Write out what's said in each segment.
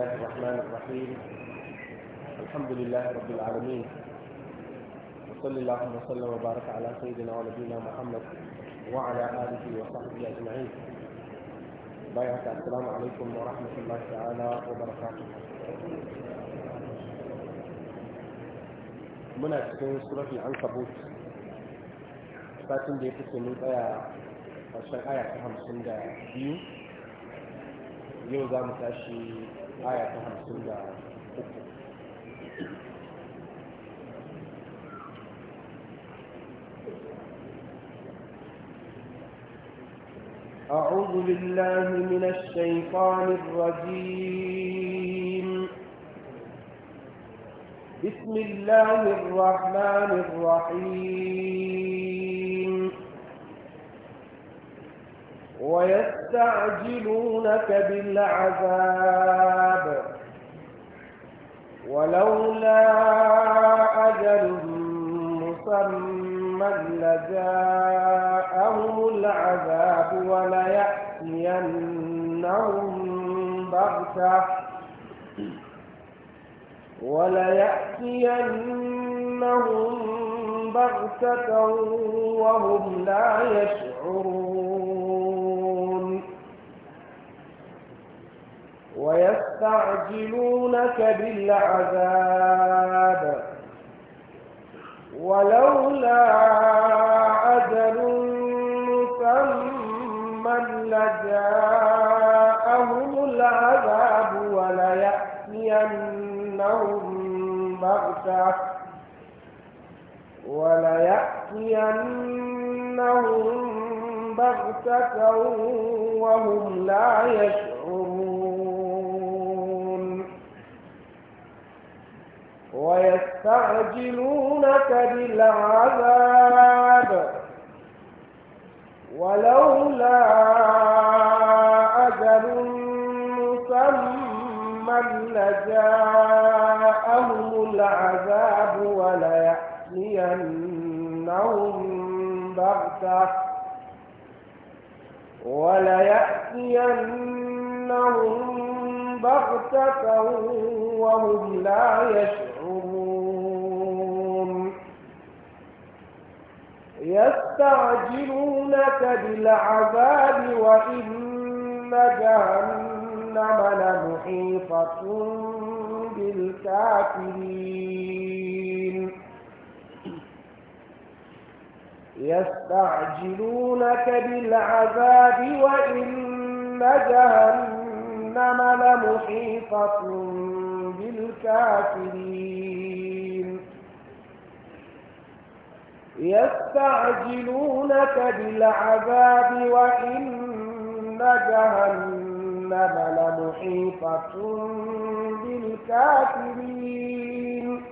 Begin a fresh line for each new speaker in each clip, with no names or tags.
الله الرحمن الرحيم الحمد لله رب العالمين وصلى الله وسلم وبارك على سيدنا ونبينا محمد وعلى اله وصحبه اجمعين بارك السلام عليكم ورحمه الله تعالى وبركاته من cikin سوره العنكبوت satin da ya fi mun tsaya ƙarshen aya ta hamsin آية ta
أعوذ بالله من الشيطان الرجيم بسم الله الرحمن الرحيم ويستعجلونك بالعذاب ولولا أجل مسمى لجاءهم العذاب وليأتينهم بغتة وليأتينهم بغتة وهم لا يشعرون ويستعجلونك بالعذاب ولولا أجل مسمى لجاءهم العذاب وليأتينهم بغتة وليأتينهم بغتة وهم لا يشعرون ويستعجلونك بالعذاب ولولا أجل مسمى لجاءهم العذاب وليأتينهم بغتة وليأتينهم بغتة وهم لا يشعرون يستعجلونك بالعذاب وإن جهنم لمحيطة بالكافرين يستعجلونك بالعذاب وإن جهنم لمحيطة بالكافرين يستعجلونك بالعذاب وإن جهنم لمحيطة بالكافرين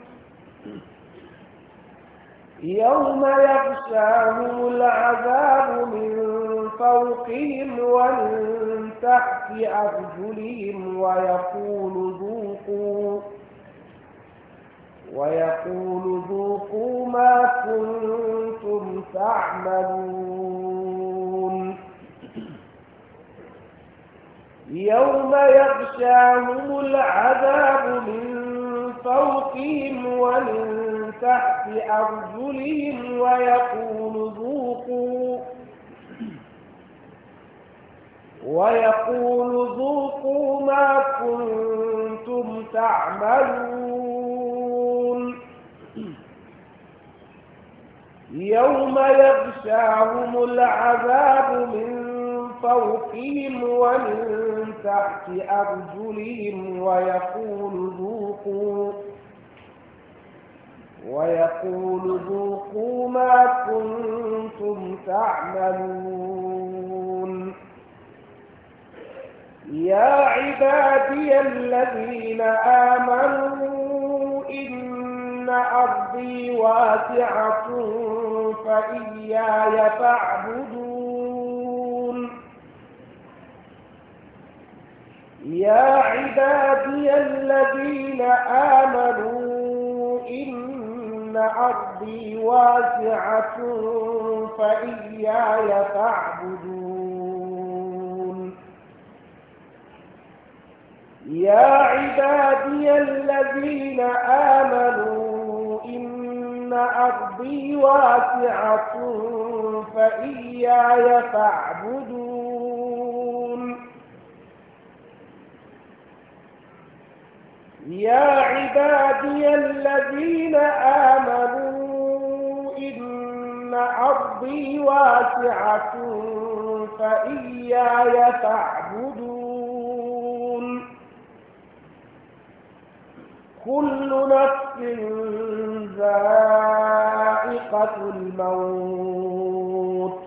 يوم يغشاهم العذاب من فوقهم ومن تحت أرجلهم ويقول ذوقوا ويقول ذوقوا ما كنتم تعملون يوم يغشاهم العذاب من فوقهم ومن تحت أرجلهم ويقول ذوقوا ويقول ذوقوا ما كنتم تعملون يوم يغشاهم العذاب من فوقهم ومن تحت أرجلهم ويقول ذوقوا ويقول ذوقوا ما كنتم تعملون يا عبادي الذين آمنوا إن إن أرضي واسعة فإياي فاعبدون يا عبادي الذين آمنوا إن أرضي واسعة فإياي فاعبدون يا عبادي الذين آمنوا إن أرضي واسعة فإياي فاعبدون يا عبادي الذين آمنوا إن أرضي واسعة فإياي فاعبدون كل نفس ذائقة الموت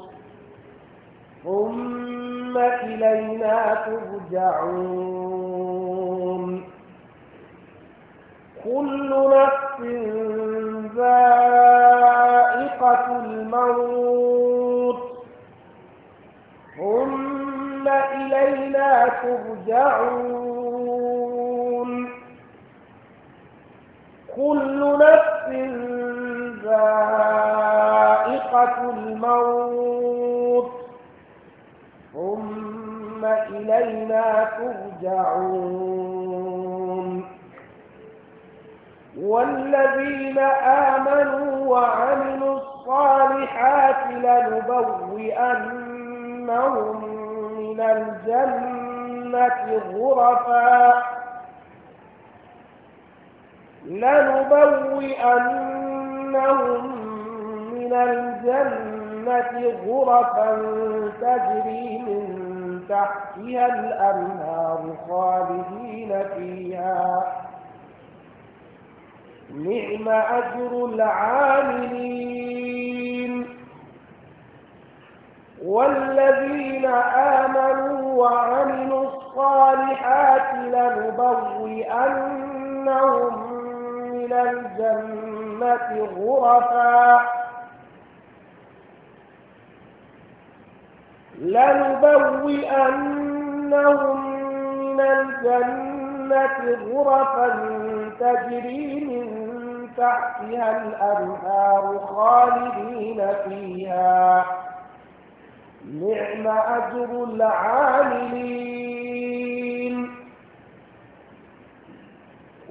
ثم إلينا ترجعون كل نفس ذائقة الموت ثم إلينا ترجعون كل نفس ذائقة الموت ثم إلينا ترجعون والذين آمنوا وعملوا الصالحات لنبوئنهم من الجنة غرفاً لنبوئنهم من الجنة غرفا تجري من تحتها الأنهار خالدين فيها نعم أجر العاملين والذين آمنوا وعملوا الصالحات لنبوئنهم إلى الجنة غرفا لنبوئنهم من الجنة غرفا تجري من تحتها الأنهار خالدين فيها نعم أجر العاملين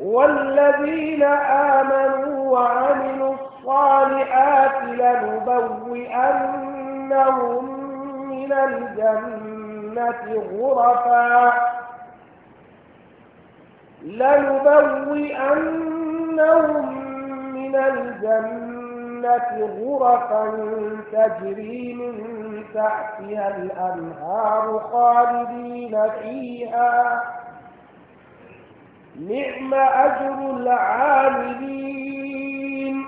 والذين آمنوا وعملوا الصالحات لنبوئنهم من الجنة غرفا لنبوئنهم من الجنة غرفا تجري من تحتها الأنهار خالدين فيها نعم أجر العاملين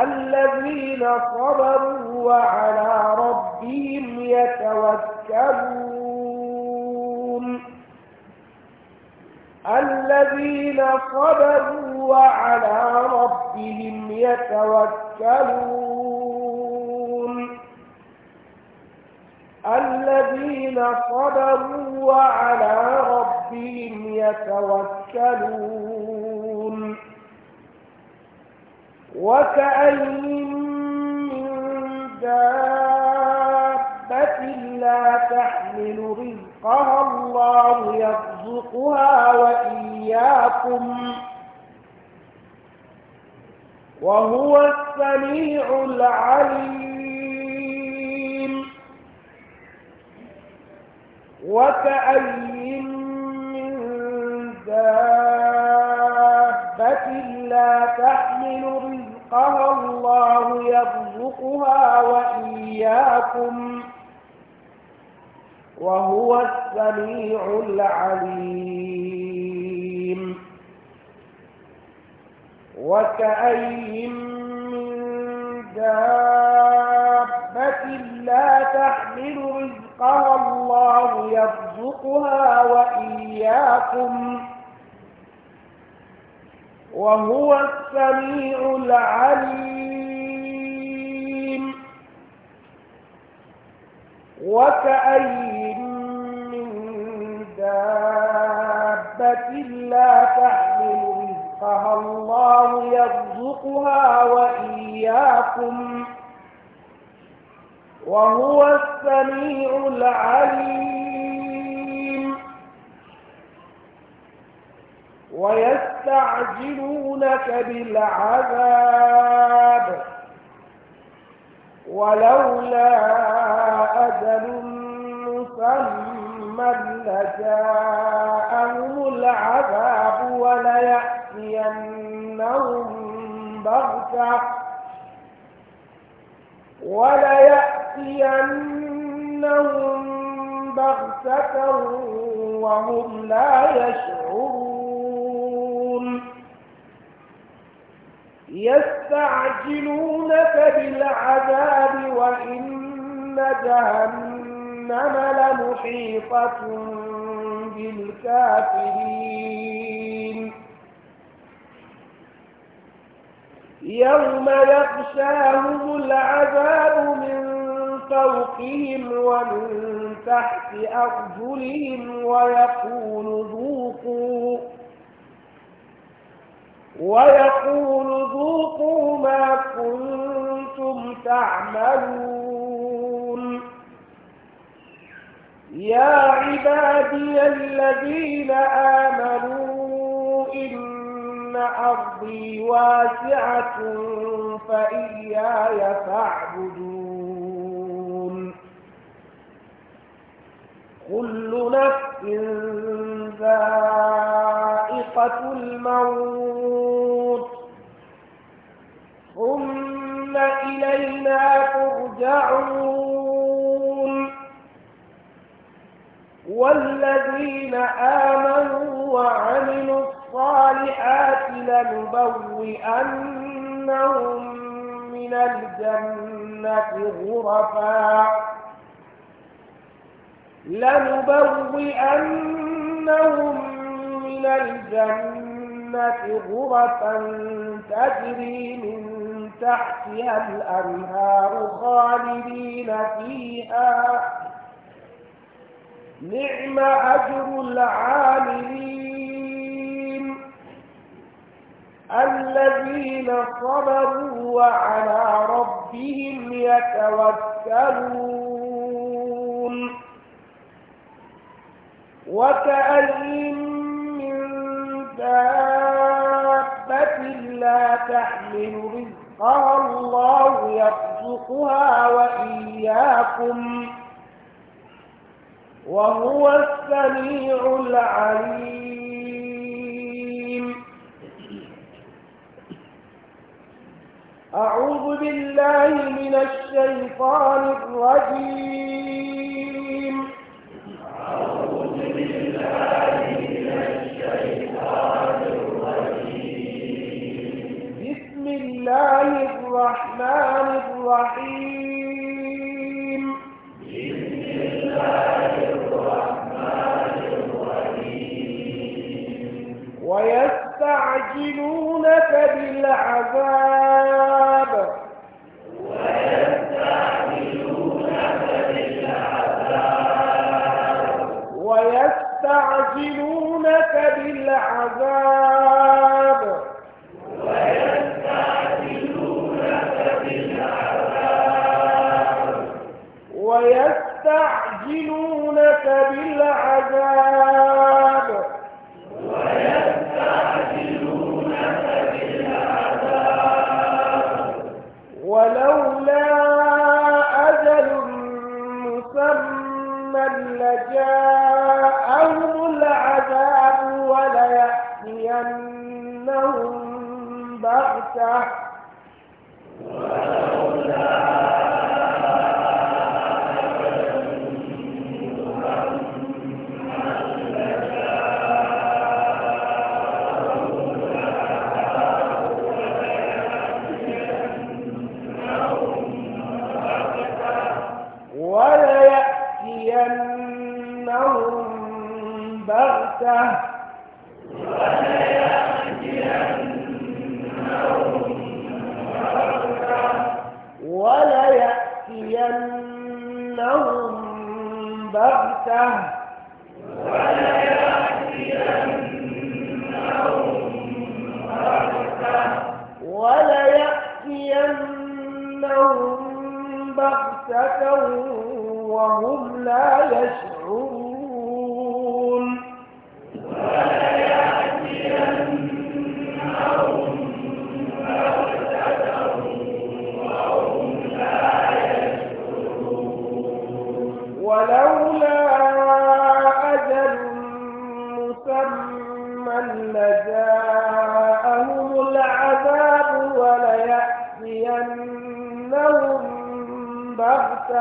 الذين صبروا وعلى ربهم يتوكلون الذين صبروا وعلى ربهم يتوكلون الذين صبروا وعلى ربهم يتوكلون وكأين من دابة لا تحمل رزقها الله يرزقها وإياكم وهو السميع العليم وكأي من دابة لا تحمل رزقها الله يرزقها وإياكم وهو السميع العليم وكأي من دابة لا تحمل رزقها الله يرزقها وإياكم وهو السميع العليم وكأين من دابة لا تحمل الله يرزقها وإياكم وهو السميع العليم ويستعجلونك بالعذاب ولولا أجل مسمى لجاءهم العذاب وليأتون يأتينهم بغتة وليأتينهم بغتة وهم لا يشعرون يستعجلونك بالعذاب وإن جهنم لمحيطة بالكافرين يوم يغشاهم العذاب من فوقهم ومن تحت أرجلهم ويقول ذوقوا ويقول ذوقوا ما كنتم تعملون يا عبادي الذين آمنوا إن إن أرضي واسعة فإياي فاعبدون كل نفس ذائقة الموت ثم إلينا ترجعون والذين آمنوا وعملوا الصالحات لنبوئنهم من الجنة غرفا لنبوئنهم من الجنة غرفا تجري من تحتها الأنهار خالدين فيها نعم أجر العاملين الذين صبروا وعلى ربهم يتوكلون وكأين من دابة لا تحمل رزقها الله يرزقها وإياكم وهو السميع العليم أعوذ بالله من الشيطان الرجيم
أعوذ بالله من الشيطان الرجيم
بسم الله الرحمن الرحيم
بسم الله الرحمن الرحيم
ويستعجلونك بالعذاب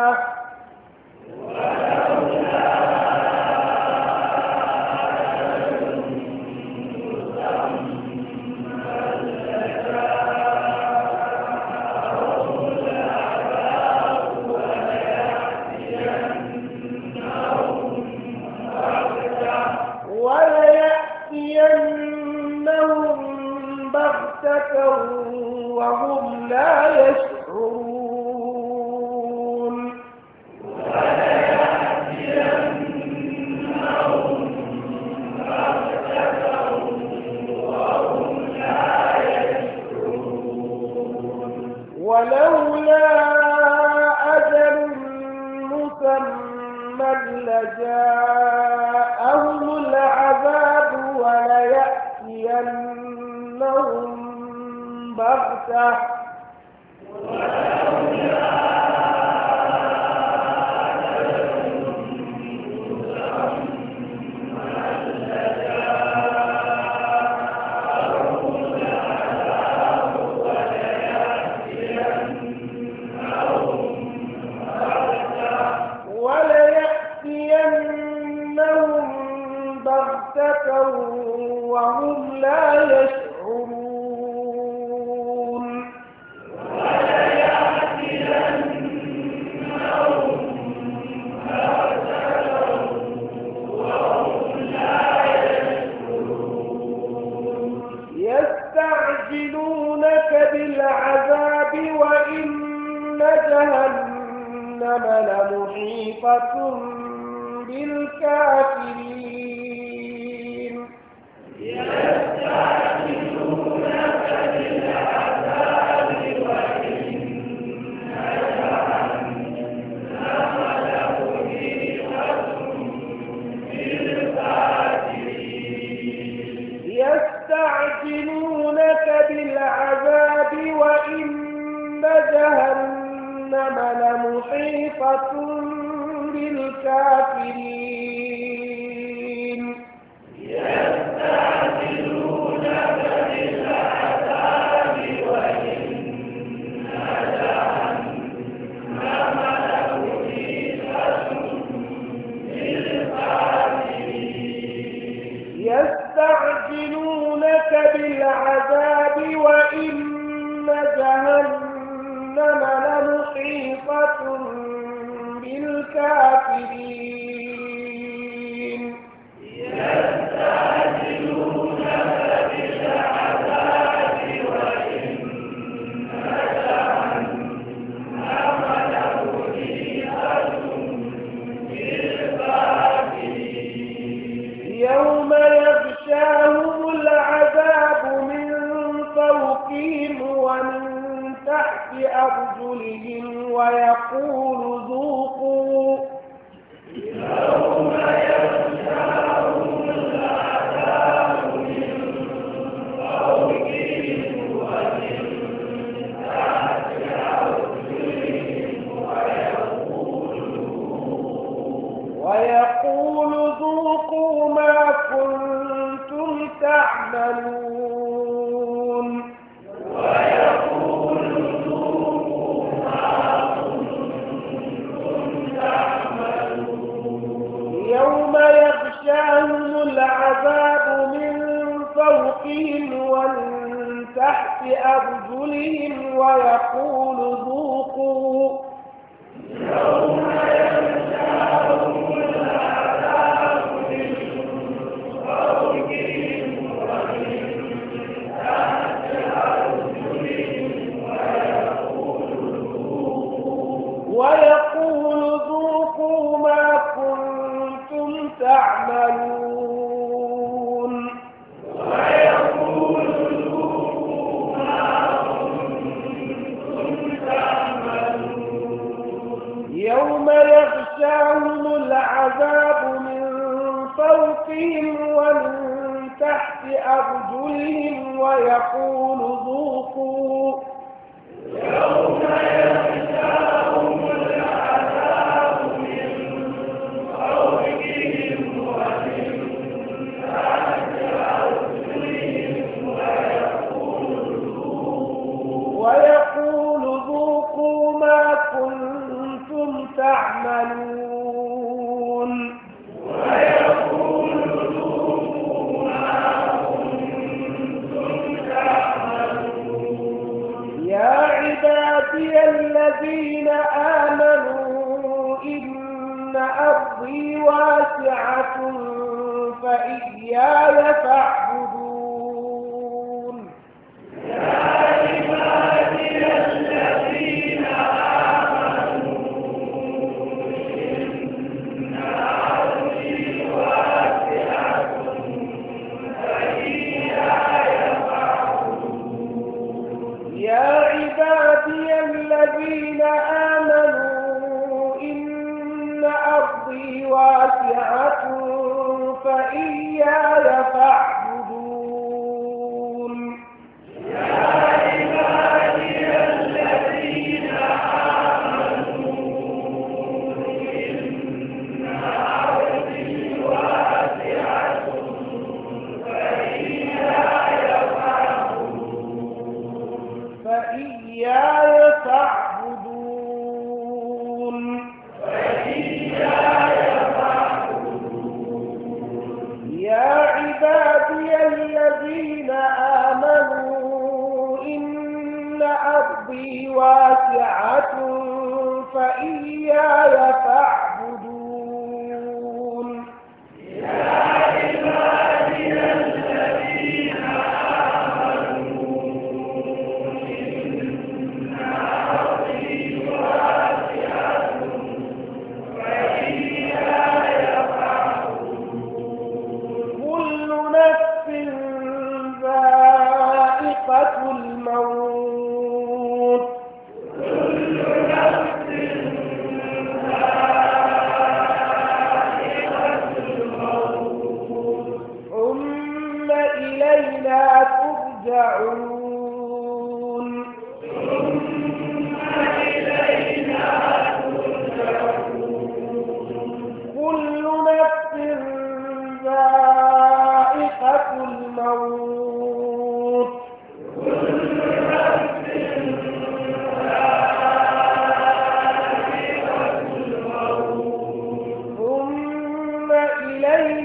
الله بأرجلهم ويقول الذين آمنوا إن أرضي واسعة فإياي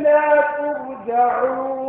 ترجعون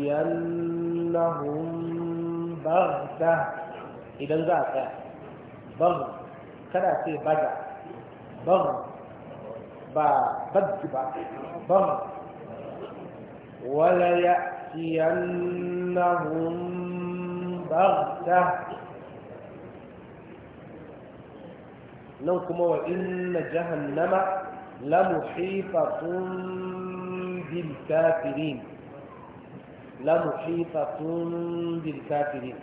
yanahun barda idan za a tsaya bar kada ce baga ba baggi ba bar wala ya yanahun nan kuma wa inna jahannama lamuhifatun bil kafirin lamuhitatun bil kafirin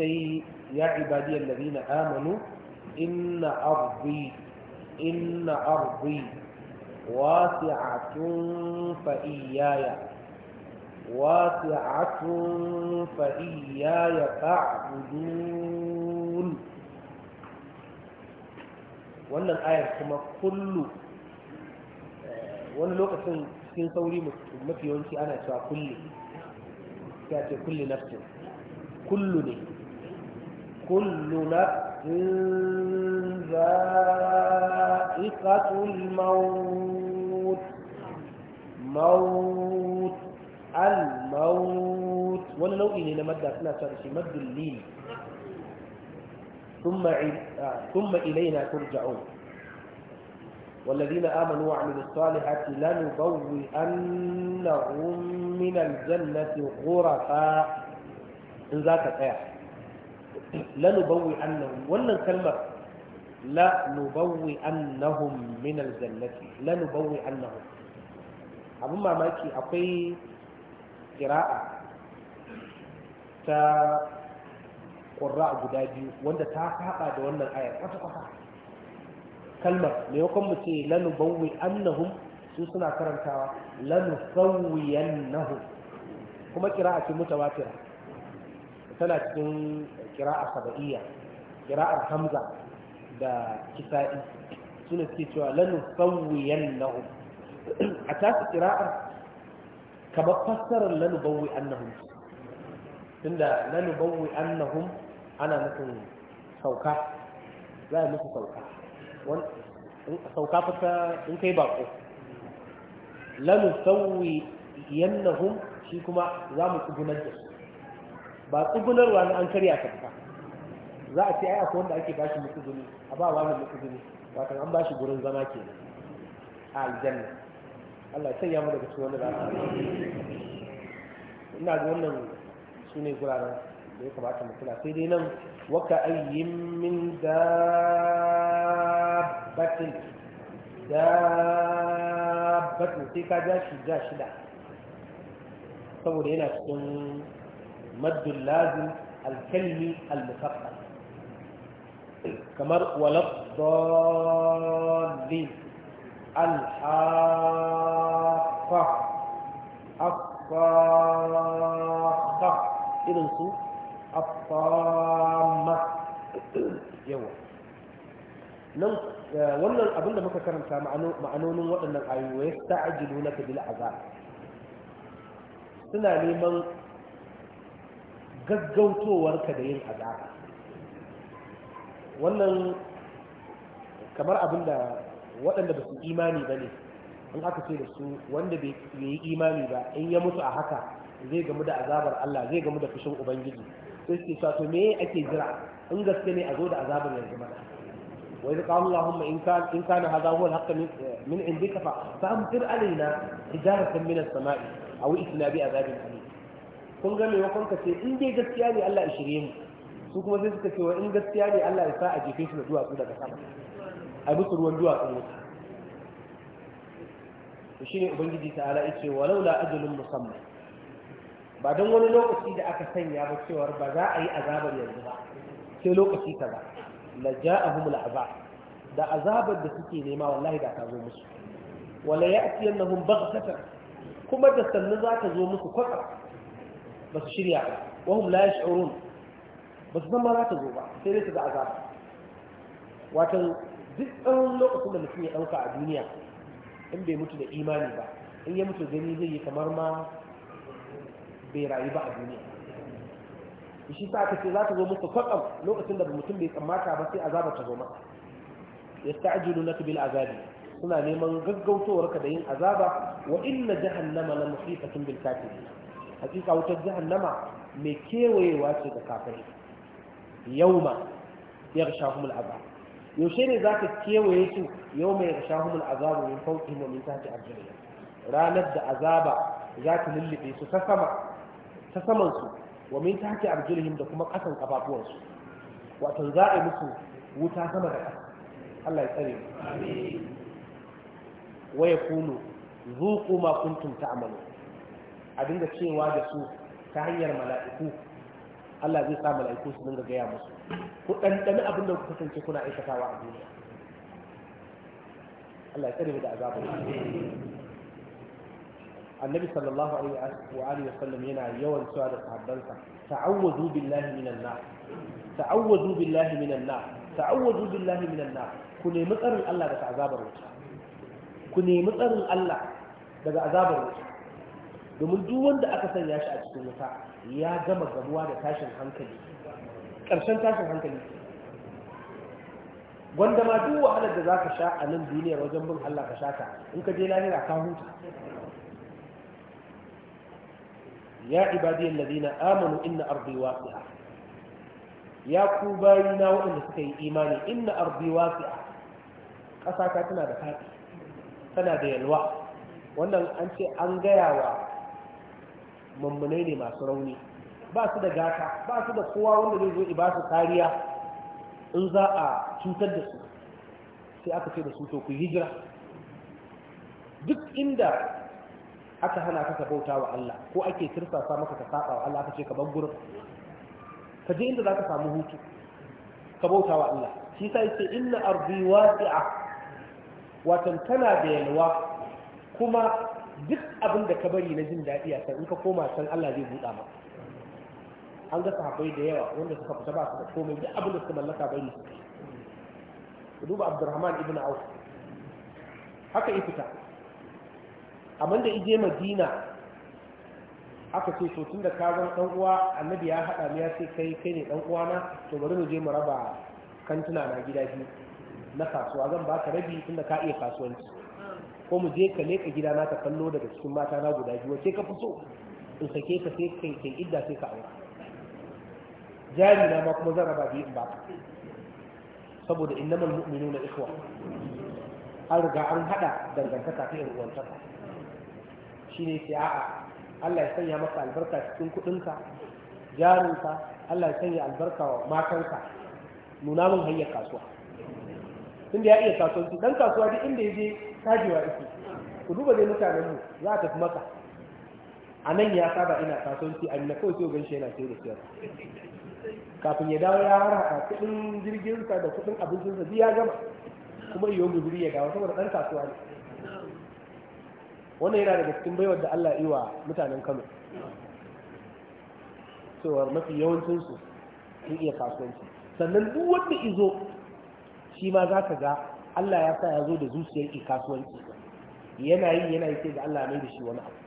sai ya ibadiyar ladina amanu inna ardi inna a wasi'atun fa iyaya واسعة فإياي فاعبدون wannan ayar kuma kullu eh, wani lokacin cikin sauri mafi yawanci ana cewa kulli ya ce kulli nafsin kullu ne kullu na nafsin
za'iqatul maut
maut al maut wani nau'i ne na madda suna cewa da shi maddul lil ثم إلينا ترجعون والذين آمنوا وعملوا الصالحات لنبوئنهم من الجنة غرفا إن ذاك تاح لنبوئنهم ولا كلمة لنبوئنهم من الجنة لنبوئنهم abin mamaki akwai kira'a ta ƙura guda biyu wanda ta haɗa da wannan ayar kwata-kwata kalmar maimakon mu ce lanu bawwi annahum su suna karantawa lanu sauyan sawwiyannahum kuma kira'a ce mutawatira tana cikin kira'a saba'iyya kira'ar hamza da kisa'i suna suke cewa lanu sauyan sawwiyannahum a tasu kira'ar kamar fassarar lanu bawwi annahum tunda lanu bawwi annahum ana nufin sauka za a musu sauka sauka fita in kai bako lanu sauwi yannahum shi kuma za mu tsugunar da su ba tsugunarwa na an karya ka fita za a ce ai akwai wanda ake bashi mutsuguni a ba wani mutsuguni wato an bashi gurin zama ke a aljanna Allah ya sanya mu daga cikin wanda za ina ga wannan sune guraren ليك معك مثلا سيدنا وكأي من دابة دابة تيكا جاش جاش لا صورينا تكون مد اللازم الكلم المفقر كمر ولا الضالين الحافة
الصافة
إذن صوت tamma yawa nan eh, wannan abin da muka karanta ma'anonin waɗannan ayoyi ya ajilu na bil azab suna neman gaggautowarka da yin azaba wannan kamar abin da waɗanda ba su imani ba ne in aka ce da su wanda bai yi imani ba in ya mutu a haka zai gamu da azabar Allah zai gamu da fushin Ubangiji sai suke cewa to me ake jira in gaske ne a zo da azabar yanzu mana wa idza qala allahumma in kana in kana hadha huwa al-haqq min indika fa fa'amtir alaina hijaratan min as-sama'i aw isna bi azabin alim kun ga me wakon ka ce in dai gaskiya ne Allah ya shirye mu su kuma sai suka ce wa in gaskiya ne Allah ya sa a jefe su da duwatsu daga sama a bi ruwan duwatsun wuta to shine ubangiji ta'ala yace walau la ajalun musamman ba don wani lokaci da aka sanya ba cewar ba za a yi azabar yanzu ba sai lokaci ka kaza la ja'ahumul azab da azabar da suke nema wallahi da ta zo musu wala ya'tiyannahum baghtatan kuma da sannu za ta zo musu kwatsa ba su shirya ba wahum la yash'urun ba su ma za ta zo ba sai dai su ga azaba wato duk tsawon lokacin da mutum ya ɗauka a duniya in bai mutu da imani ba in ya mutu gani zai yi kamar ma bai rayu ba a duniya shi sa aka ce za ta zo musu kwatsam lokacin da mutum bai tsammata ba sai azaba ta zo masa na bil azabi suna neman gaggautowarka da yin azaba wa inna jahannama la muhitatun bil kafirin hakika wutar jahannama mai kewayewa ce ga kafirai yauma ya yaghshahumul azab yaushe ne za ka kewaye su yau mai rashahumul azabu min fawqihim wa min tahti arjulihim ranar da azaba za ta lullube su ta sama ta saman su wa min tahti arjulihim da kuma kasan kafafuwan su wato za a yi musu wuta sama da kasa Allah ya tsare wa ya yakunu zuqu ma kuntum ta'malun a dinga cewa da su ta hanyar mala'iku Allah zai sa mala'iku su dinga gaya musu ku ɗanɗani abin da ku kasance kuna aikatawa a duniya Allah ya tsare mu da azabar annabi sallallahu alaihi wa sallam yana yawan cewa da sahabbansa ta'awwazu billahi minan nar ta'awwazu billahi minan nar ta'awwazu billahi minan nar ku nemi tsarin Allah daga azabar wuta ku nemi tsarin Allah daga azabar wuta domin duk wanda aka sanya shi a cikin wuta ya gama gamuwa da tashin hankali ƙarshen tashin hankali gwanda ma duk wahalar da za ka sha a nan duniyar wajen bin Allah ka sha ta in ka je lahira ka huta ya ibadiyal ladina amanu inna ardi wasi'a ya ku na waɗanda suka yi imani inna ardi wasi'a ƙasa ta tana da faɗi tana da yalwa wannan an ce an gaya wa mummunai ne masu rauni ba su da gata ba su da kowa wanda zai zo ba kariya in za'a cutar da su sai aka ce da su to ku hijira duk inda aka hana ka ka bauta wa Allah ko ake tirsasa maka ka saba wa Allah aka ce ka bar gurin ka je inda zaka samu hutu ka bauta wa Allah shi sa yace inna ardi wasi'a watan tana da yalwa kuma duk abin da ka bari na jin daɗi a in ka koma san Allah zai buɗa maka an ga sahabbai da yawa wanda suka fita ba su da komai duk abin da suka mallaka bari su duba Abdurrahman ibn Auf haka ya fita amma da ije madina aka ce to tun da ka zan dan uwa annabi ya haɗa mu ya ce kai kai ne dan uwana to bari mu je mu raba kantuna na gida biyu na kasuwa zan ba ka rabi tunda ka iya kasuwanci ko mu je ka leka gida na ka kallo daga cikin mata na guda biyu sai ka fi so in sake ka sai kai kai idda sai ka aura jari na ma kuma zan raba biyu in ba saboda innamal mu'minuna ikhwa an riga an hada dangantaka ta yan uwantaka ne sai a'a Allah ya sanya maka albarka cikin kudinka jarinka Allah ya sanya albarka wa matanka nuna min hanyar kasuwa tunda ya iya kasuwanci dan kasuwa duk inda ya je kajewa yake ku duba dai mutanen mu za ka tafi maka a nan ya saba ina kasuwanci a kawai sai ganshi yana sai da siyar kafin ya dawo ya harhaɗa kudin jirginsa da kudin abincinsa zai ya gama kuma iyo gudu ya dawo saboda ɗan kasuwa ne wannan yana daga cikin baiwar da Allah yi wa mutanen Kano cewar mafi yawancin su sun iya kasuwanci sannan duk wanda izo shi ma za ka ga Allah ya sa ya zo da zuciyar ki kasuwanci yana yi yana yi sai da Allah mai da shi wani abu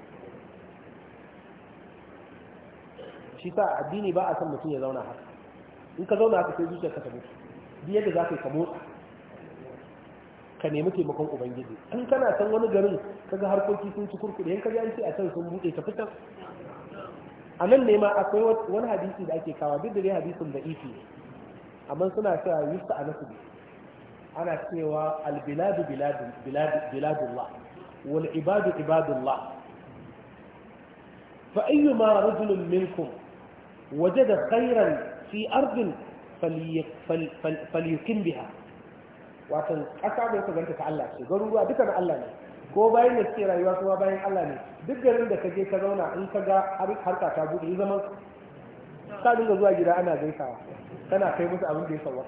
shi sa addini ba a san mutum ya zauna haka in ka zauna haka sai zuciyar ka ta mutu duk yadda za ka yi ka motsa ka nemi taimakon ubangiji in kana san wani garin kaga harkoki sun ci kurkuɗe in kaga an ce a can sun buɗe ta fitar a nan ne ma akwai wani hadisi da ake kawa duk da dai hadisin da ifi amma suna cewa yusta a nasu ana cewa albiladu biladullah wal ibadu ibadullah fa ayyuma rajulun minkum wajada khairan fi ardin falyukim biha wato ƙasa da ka ganta ta Allah ce garuruwa duka na Allah ne ko bayan da ke rayuwa kuma bayan Allah ne duk garin da ka je ka zauna in ka ga harka ta buɗe yi zaman ka dinga zuwa gida ana gaisawa kana kai musu abin da ya sauwa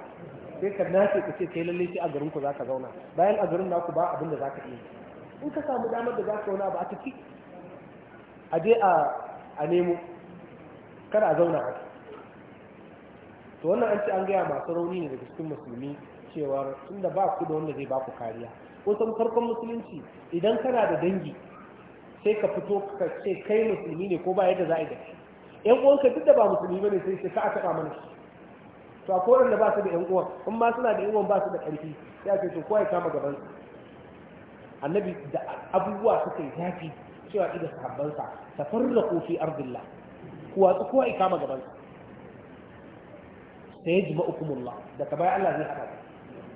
sai ka nace ka ce kai lalle sai a garin ku za ka zauna bayan a garin naku ba abin da za ka iya in ka samu damar da za ka zauna ba a tafi a je a nemo kada a zauna a to wannan an ce an gaya masu rauni ne daga cikin musulmi cewar tunda ba ku da wanda zai ba ku kariya kusan farkon musulunci idan kana da dangi sai ka fito ka ce kai musulmi ne ko ba yadda za a yi da shi yan uwanka duk da ba musulmi bane sai sai ka aka mana shi to akwai wanda ba su da ƴan uwan in ma suna da yan uwan ba su da ƙarfi sai a ce to kowa ya kama gaban su. annabi da abubuwa suka yi zafi cewa ida sahabbansa tafarraqu fi ardillah kuwa kowa ya kama gaban su. sa sayajma'ukumullah da ka bai Allah zai haɗa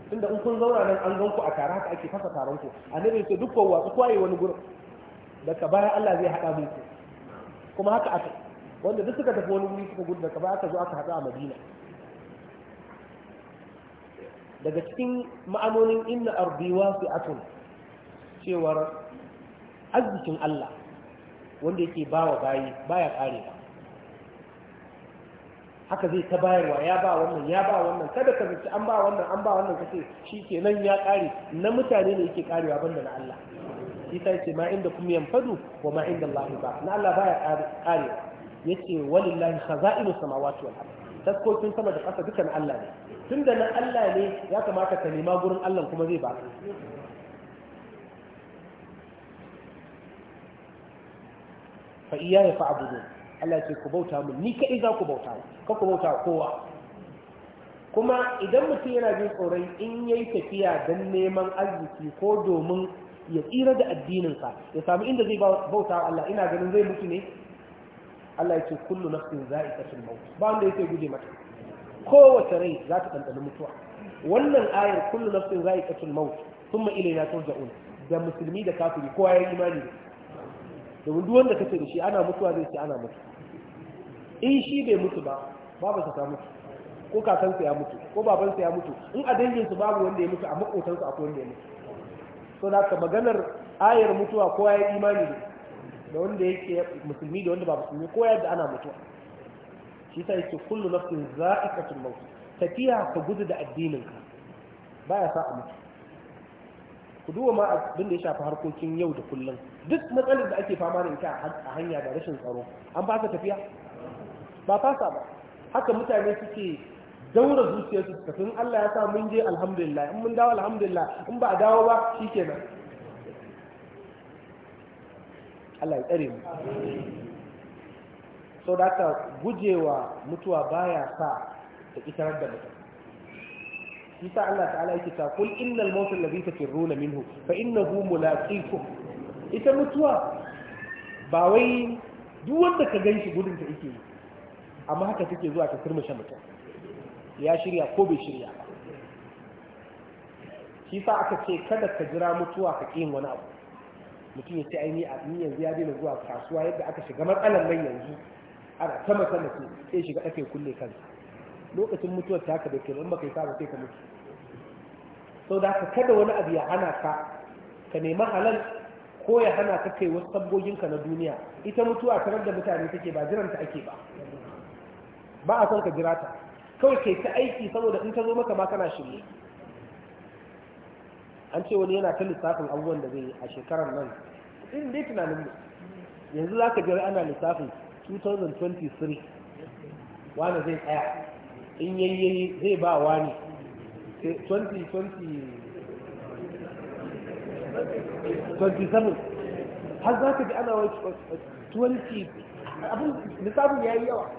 tunda in kun zauna nan an gan ku a tare haka ake fasa taron ku annabi ce duk kowa ku kwaye wani gurin daga baya Allah zai hada muku kuma haka aka wanda duk suka tafi wani wuri suka gudu daga baya aka zo aka hadu a Madina daga cikin ma'anonin inna ardi wasi'atun cewar arzikin Allah wanda yake bawa bayi baya karewa haka zai ta bayarwa ya ba wannan ya ba wannan kada ka zaci an ba wannan an ba wannan kace shi nan ya kare na mutane ne yake karewa banda na Allah isa ce ma inda kum yanfadu wa ma inda Allah ba na Allah baya kare yace walillahi khaza'inu samawati wal ard taskokin sama da ƙasa dukan Allah ne tunda na Allah ne ya kamata ka nema gurin Allah kuma zai baka fa iyaya fa'budun Allah ce ku bauta min. ni kaɗai za ku bauta ka ku bauta kowa kuma idan mutum yana jin tsoron in yayi tafiya don neman arziki ko domin ya tsira da addininsa ya samu inda zai bauta Allah ina ganin zai mutu ne Allah ya ce kullu nafsin za'iqatul maut ba wanda yake guje mata kowace rai za ta ɗanɗani mutuwa wannan ayar kullu nafsin za'iqatul maut thumma ilayna turja'un da musulmi da kafiri kowa ya imani da duk wanda kace da shi ana mutuwa zai ce ana mutu in shi bai mutu ba babu ta mutu ko kakansa ya mutu ko babansa ya mutu in a danginsu babu wanda ya mutu a makotansu akwai wanda ya mutu so da ka maganar ayar mutuwa ko ya imani ne da wanda yake musulmi da wanda ba musulmi ko yadda ana mutuwa shi ta yake kullu nafsin za'iqatul maut tafiya ka gudu da addinin ka baya sa a mutu ku duba ma abin da ya shafi harkokin yau da kullum duk matsalar da ake fama da ita a hanya da rashin tsaro an ba ka tafiya ba fasa ba haka mutane suke daura zuciya su tafi Allah ya sa mun je alhamdulillah in mun dawo alhamdulillah in ba a dawo ba shikenan Allah ya tsare mu so da haka gujewa mutuwa baya sa ta kitar da mutum sa Allah ta'ala yake ta kul innal mawtal alladhi tafirruna minhu fa innahu mulaqikum ita mutuwa ba wai duk wanda ka ganshi gudun ta yake yi amma haka take zuwa ta turmushe mutum ya shirya ko bai shirya ba shi sa aka ce kada ka jira mutuwa ka ƙin wani abu mutum ya ce ai a ni yanzu ya na zuwa kasuwa yadda aka shiga matsalar nan yanzu ana ta matsala ce sai shiga ake kulle kansa lokacin mutuwar ta haka da ke baka yi sa sai ka mutu sau da haka kada wani abu ya hana ka ka nemi halal ko ya hana ka kai wasu ka na duniya ita mutuwa tarar da mutane take ba jiranta ake ba ba a son ka jira ta kawai kai ta aiki saboda in ta zo maka ma kana shirye an ce wani yana ta lissafin abubuwan da zai yi a shekarar nan in dai tunanin mu yanzu za ka jira ana lissafin 2023 wani zai tsaya in yayyayi zai ba 2020 27 har za ka ji ana wani 20 abin lissafin ya yi yawa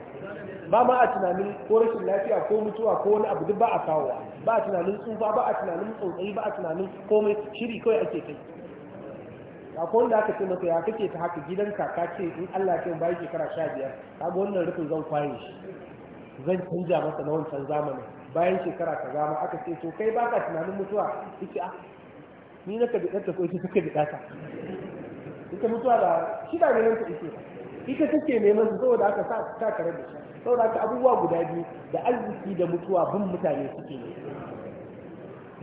ba ma a tunanin ko rashin lafiya ko mutuwa ko wani abu duk ba a kawowa ba a tunanin tsufa ba a tunanin tsautsayi ba a tunanin komai shiri kawai ake kai akwai wanda aka ce maka ya kake ta haka gidan kaka ce in Allah ce bayan shekara sha biyar kaga wannan rufin zan kwaye shi zan canja masa na wancan zamani, bayan shekara ka zama aka ce to kai baka tunanin mutuwa yace a ah, ni na ka biɗar ta ko ita suka bidar ta ita mutuwa da shida ne nan ta ita ita take neman saboda aka sa ta kare da shi saboda ka abubuwa guda biyu da arziki da mutuwa bin mutane suke yi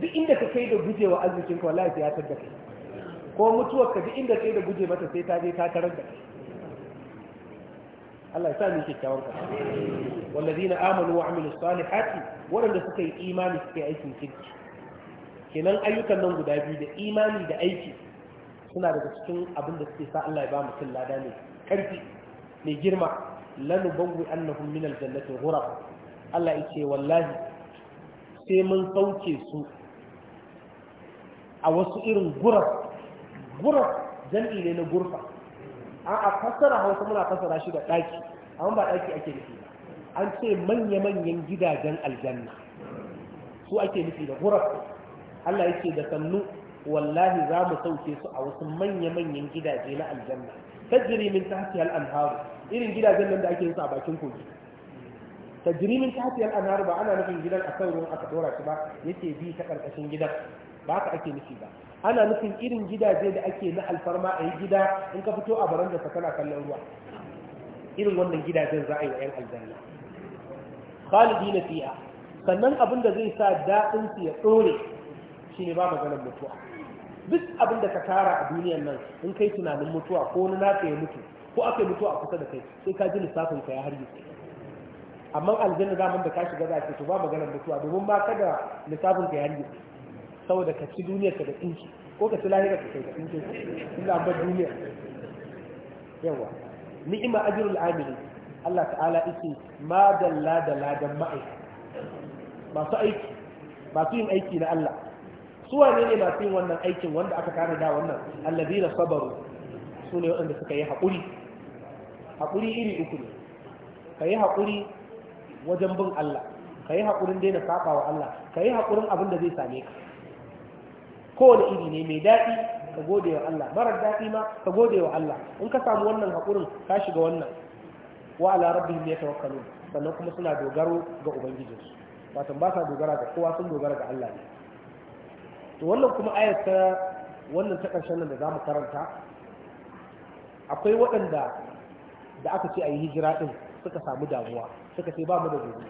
duk inda ka kai da gujewa arzikin ka wallahi ya tabbata kai ko mutuwar ka duk inda kai da guje mata sai ta je ta tarar da kai Allah ya sa ni kyakkyawan ka wallazina amanu wa amilu salihati waɗanda suka yi imani suka yi aikin kirki kenan ayyukan nan guda biyu da imani da aiki suna daga cikin abin da suke sa Allah ya ba mutum lada ne karfi mai girma Lanu bangu annahum min aljannati ghurafa Allah yace wallahi sai mun sauke su a wasu irin guraf guraf jam'i ne na gurfa an a fassara hausa muna fassara shi da ɗaki amma ba ɗaki ake nufi ba an ce manya-manyan gidajen aljanna su ake nufi da guraf Allah yake da sannu wallahi za mu sauke su a wasu manya-manyan gidaje na aljanna tajri min tahtiha al-anharu irin gidajen nan da ake yin su a bakin kogi tajrimin tahtiyal anhar ba ana nufin gidan akan ruwan aka dora shi ba yake bi ta karkashin gidan ba haka ake nufi ba ana nufin irin gidaje da ake na alfarma a yi gida in ka fito a baranda ka kana kallon ruwa irin wannan gidajen za a yi wa 'yan aljanna Khalidina fiha sannan abin da zai sa daɗin su ya ɗore shine ne ba maganar mutuwa duk abin da ka tara a duniyar nan in kai tunanin mutuwa ko na naka ya mutu ko aka mutuwa a kusa da kai sai ka ji lissafin ka ya harbi amma aljanna zaman da ka shiga za ka to ba maganar mutuwa domin ba ka da lissafin ka ya harbi saboda ka ci duniyar ka da tsinci ko ka ci lahira ka kai da tsinci illa ba duniya yawa ni'ima ajrul amili Allah ta'ala yake ma dalla da ladan ma'aikata masu aiki masu yin aiki na Allah su wane ne masu yin wannan aikin wanda aka tana da wannan allazina sabaru su ne waɗanda suka yi haƙuri haƙuri iri uku ne ka yi haƙuri wajen bin Allah ka yi haƙurin daina saƙa wa Allah ka yi haƙurin abin da zai same ka kowane iri ne mai daɗi ka gode wa Allah marar daɗi ma ka gode wa Allah in ka samu wannan haƙurin ka shiga wannan wa ala rabbihim tawakkalu sannan kuma suna dogaro ga ubangijinsu wato ba sa dogara ga kowa sun dogara ga Allah ne to wannan kuma ayar ta wannan ta nan da zamu karanta akwai waɗanda da aka ce a yi hijira ɗin suka samu damuwa suka ce ba mu da gobe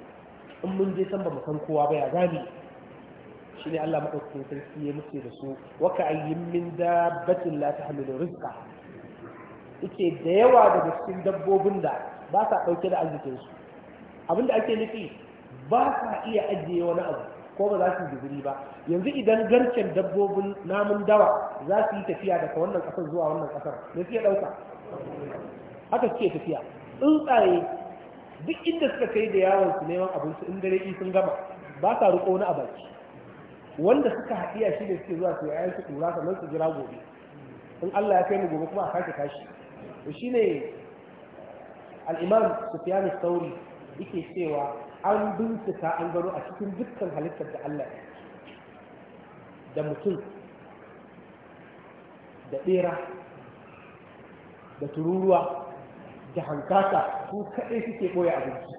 in mun je san ba mu san kowa ba ya gani shi ne Allah maɗaukakin sarki ya nufe da su waka ayyin min dabbatin la tahmilu rizqa yake da yawa daga cikin dabbobin da ba sa ɗauke da arzikin su abinda ake nufi ba sa iya ajiye wani abu ko ba za su yi ba yanzu idan garken dabbobin namun dawa za su yi tafiya daga wannan ƙasar zuwa wannan ƙasar me ke ɗauka haka suke tafiya tsuntsaye duk inda suka kai da yawon su neman abinci in dare sun gama ba sa riko na abaci wanda suka haɗiya shi da suke zuwa su yayan su kura sannan su jira gobe in Allah ya kai mu gobe kuma a sake tashi to shine al-imam Sufyan sauri yake cewa an bincika an gano a cikin dukkan halittar da Allah da mutum da ɓera da tururuwa da hankaka ko kaɗai suke ɓoye abinci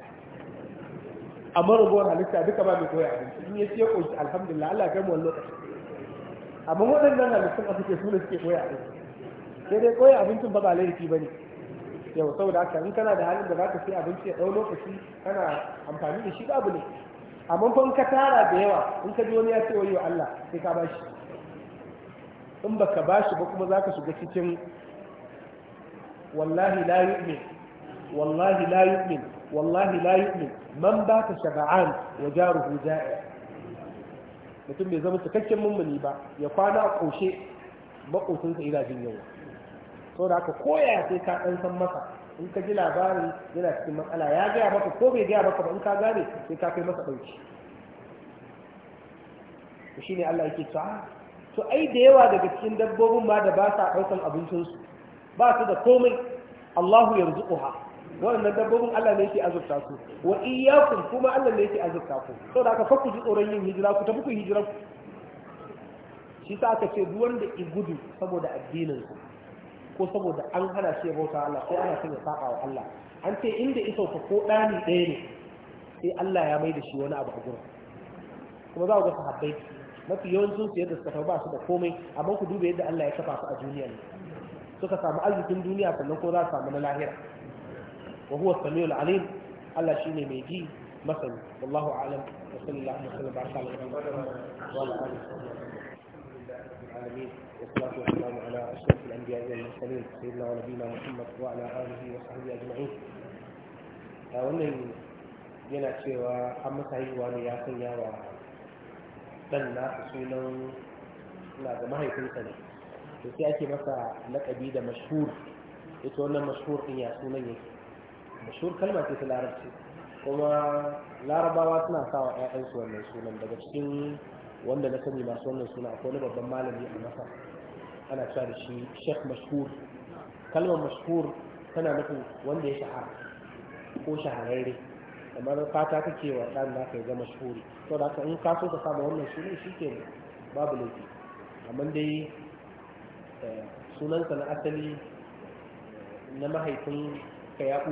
amma marubuwar halitta duka ba mai ɓoye abinci in ya ce ƙunshi alhamdulillah Allah ya mu lokaci amma waɗannan halittun a suke suna suke ɓoye abinci sai dai ɓoye abincin ba ba laifi ba ne yau saboda haka in kana da halin da za ka sai abinci ya ɗau lokaci kana amfani da shi abu ne amma fa in ka tara da yawa in ka ji wani ya ce wayo Allah sai ka bashi in baka bashi ba kuma za ka shiga cikin wallahi la yu'min wallahi la yu'min wallahi la yu'min man baka shaga'an wa jaruhu ja'i mutum bai zama cikakken mummuni ba ya kwana a koshe makosinsa ina jin yawa saboda haka ko yaya sai ka ɗan san masa in ka ji labarin yana cikin matsala ya gaya maka ko bai gaya maka ba in ka gane sai ka kai masa ɗauki shi ne Allah yake cewa ah, to ai da yawa daga cikin dabbobin ma da ba sa ɗaukan abincinsu ba su da komai Allahu yarzuquha waɗannan dabbobin Allah ne yake azurta su wa iyyakum kuma Allah ne yake azurta ku saboda haka fa ku ji tsoron yin hijira ku tafi ku hijira ku shi sa aka ce duk wanda i gudu saboda addinin ku ko saboda an hana shi bauta Allah sai ana son ya saba wa Allah an ce inda iso ka ko ɗani ɗaya ne sai Allah ya mai da shi wani abu a gurin kuma za ku ga sahabbai mafi yawancin su yadda suka ba su da komai amma ku duba yadda Allah ya kafa su a duniya ne suka samu arzikin duniya sannan ko za su samu na lahira wa huwa samiyul alim Allah shine mai ji masani wallahu a'lam wa sallallahu alaihi wa sallam wa ala alihi العالمين والصلاة والسلام على أشرف الأنبياء والمرسلين سيدنا ونبينا محمد وعلى آله وصحبه أجمعين wannan yana cewa an masa haihuwa ne يا sanya wa ɗan na sunan na ga mahaifinsa ne to sai ake masa lakabi da mashhur ita wannan mashhur ɗin ya sunan yake mashhur kalma ce ta larabci kuma larabawa suna sawa ƴaƴansu wannan sunan daga cikin wanda na sani masu wannan suna akwai wani babban malami a masa ana cewa da shi shek mashhur kalmar mashhur tana nufin wanda ya shahara ko shahararre kamar fata kake wa ɗan da ka zama shuri to da in ka so ka samu wannan sunan shi ke babu laifi amma dai sunansa na asali na mahaifin ka ya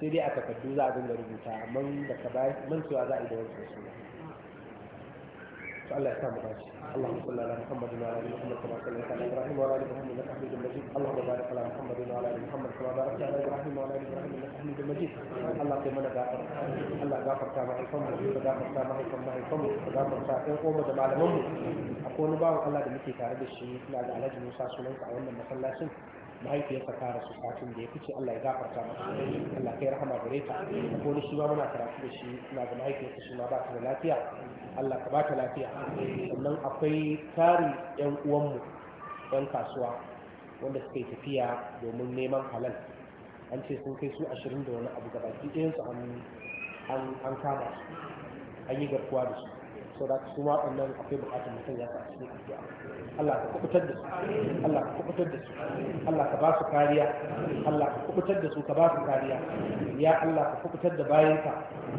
sai dai a takardu za a dinga rubuta amma da ka bayan mantuwa za a yi da wancan suna الله يسامح الناس اللهم صل على محمد وعلى ال محمد كما صليت على ابراهيم وعلى ال محمد انك حميد مجيد اللهم بارك على محمد وعلى ال محمد كما باركت على ابراهيم وعلى ال ابراهيم انك حميد مجيد الله كما غافر الله غافر كما يفهم غافر كما يفهم يفهم غافر كما يقوم بمعلمه akwai wani bawan Allah da muke tare da shi na da Alhaji Musa sunanka a wannan masallacin mahaifiyarsa ta rasu kafin da ya fice Allah ya gafarta masa Allah kai rahama gare ta ko ni shi ma muna karatu da shi ina ga mahaifiyarsa shi ma ba ta da lafiya Allah ka ba ta lafiya sannan akwai tari yan uwanmu yan kasuwa wanda suka yi tafiya domin neman halal an ce sun kai su ashirin da wani abu gabaki ɗayansu an kama su an yi garkuwa da su saboda su ma wannan akwai bukatar mutum ya sa cikin addu'a Allah ka kubutar da su Allah ka kubutar da su Allah ka ba su kariya Allah ka kubutar da su ka ba su kariya ya Allah ka kubutar da bayanka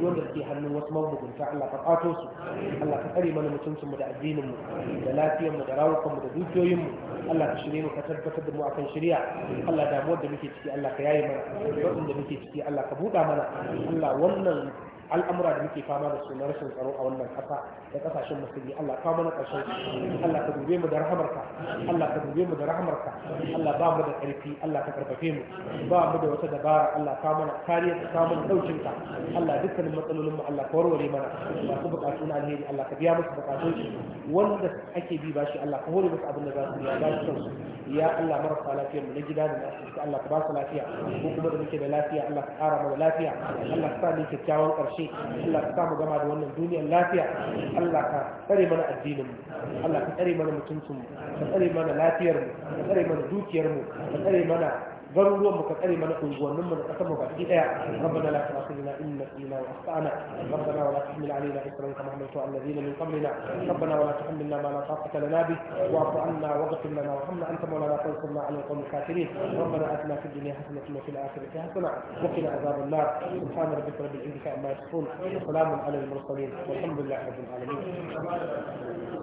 wanda suke hannun wasu mabugunta Allah ka kwato su Allah ka tsare mana mutuncin mu da addinin mu da lafiyar mu da rawukan mu da dukiyoyin mu Allah ka shirye mu ka tabbatar da mu akan shari'a Allah damuwar da muke ciki Allah ka yaye mana da muke ciki Allah ka buɗa mana Allah wannan al'amura da muke fama da su na rashin tsaro a wannan ƙasa da ƙasashen musulmi Allah ka mana ƙarshen Allah ka dube mu da rahamarka Allah ka dube mu da rahamarka Allah ba mu da ƙarfi Allah ka karfafe mu ba mu da wata dabara Allah ka mana kariya ka samu daukin ka Allah dukkanin matsalolin mu Allah ka warware mana masu buƙatu na alheri Allah ka biya musu buƙatun su wanda ake bi bashi Allah ka hore musu abin da za su biya ba su ya Allah marasa lafiyar mu na gida da na asibiti Allah ka ba su lafiya ko kuma da muke da lafiya Allah ka ƙara mana lafiya Allah ka sa ni kyakkyawan ƙarshe ce Allah ka samu gama da wannan duniyar lafiya Allah ka tsare mana addinin mu Allah ka tsare mana mutuncin mu ka tsare mana lafiyar mu ka tsare mana dukiyar mu ka tsare mana garuruwan mu ka tsare mana unguwannin mu da kasar mu baki daya rabbana la tu'akhidna in nasina wa akhtana rabbana wa la tahmil alaina isran kama hamaltu ala alladhina min qablina rabbana wa la tuhammilna ma la taqata lana bih wa'fu anna waghfir lana warhamna anta mawlana fansurna 'ala alqawmi الكافرين ربنا آتنا في الدنيا حسنة وفي الآخرة حسنة وقنا عذاب النار سبحان ربك رب العزة عما يصفون وسلام على المرسلين والحمد لله رب العالمين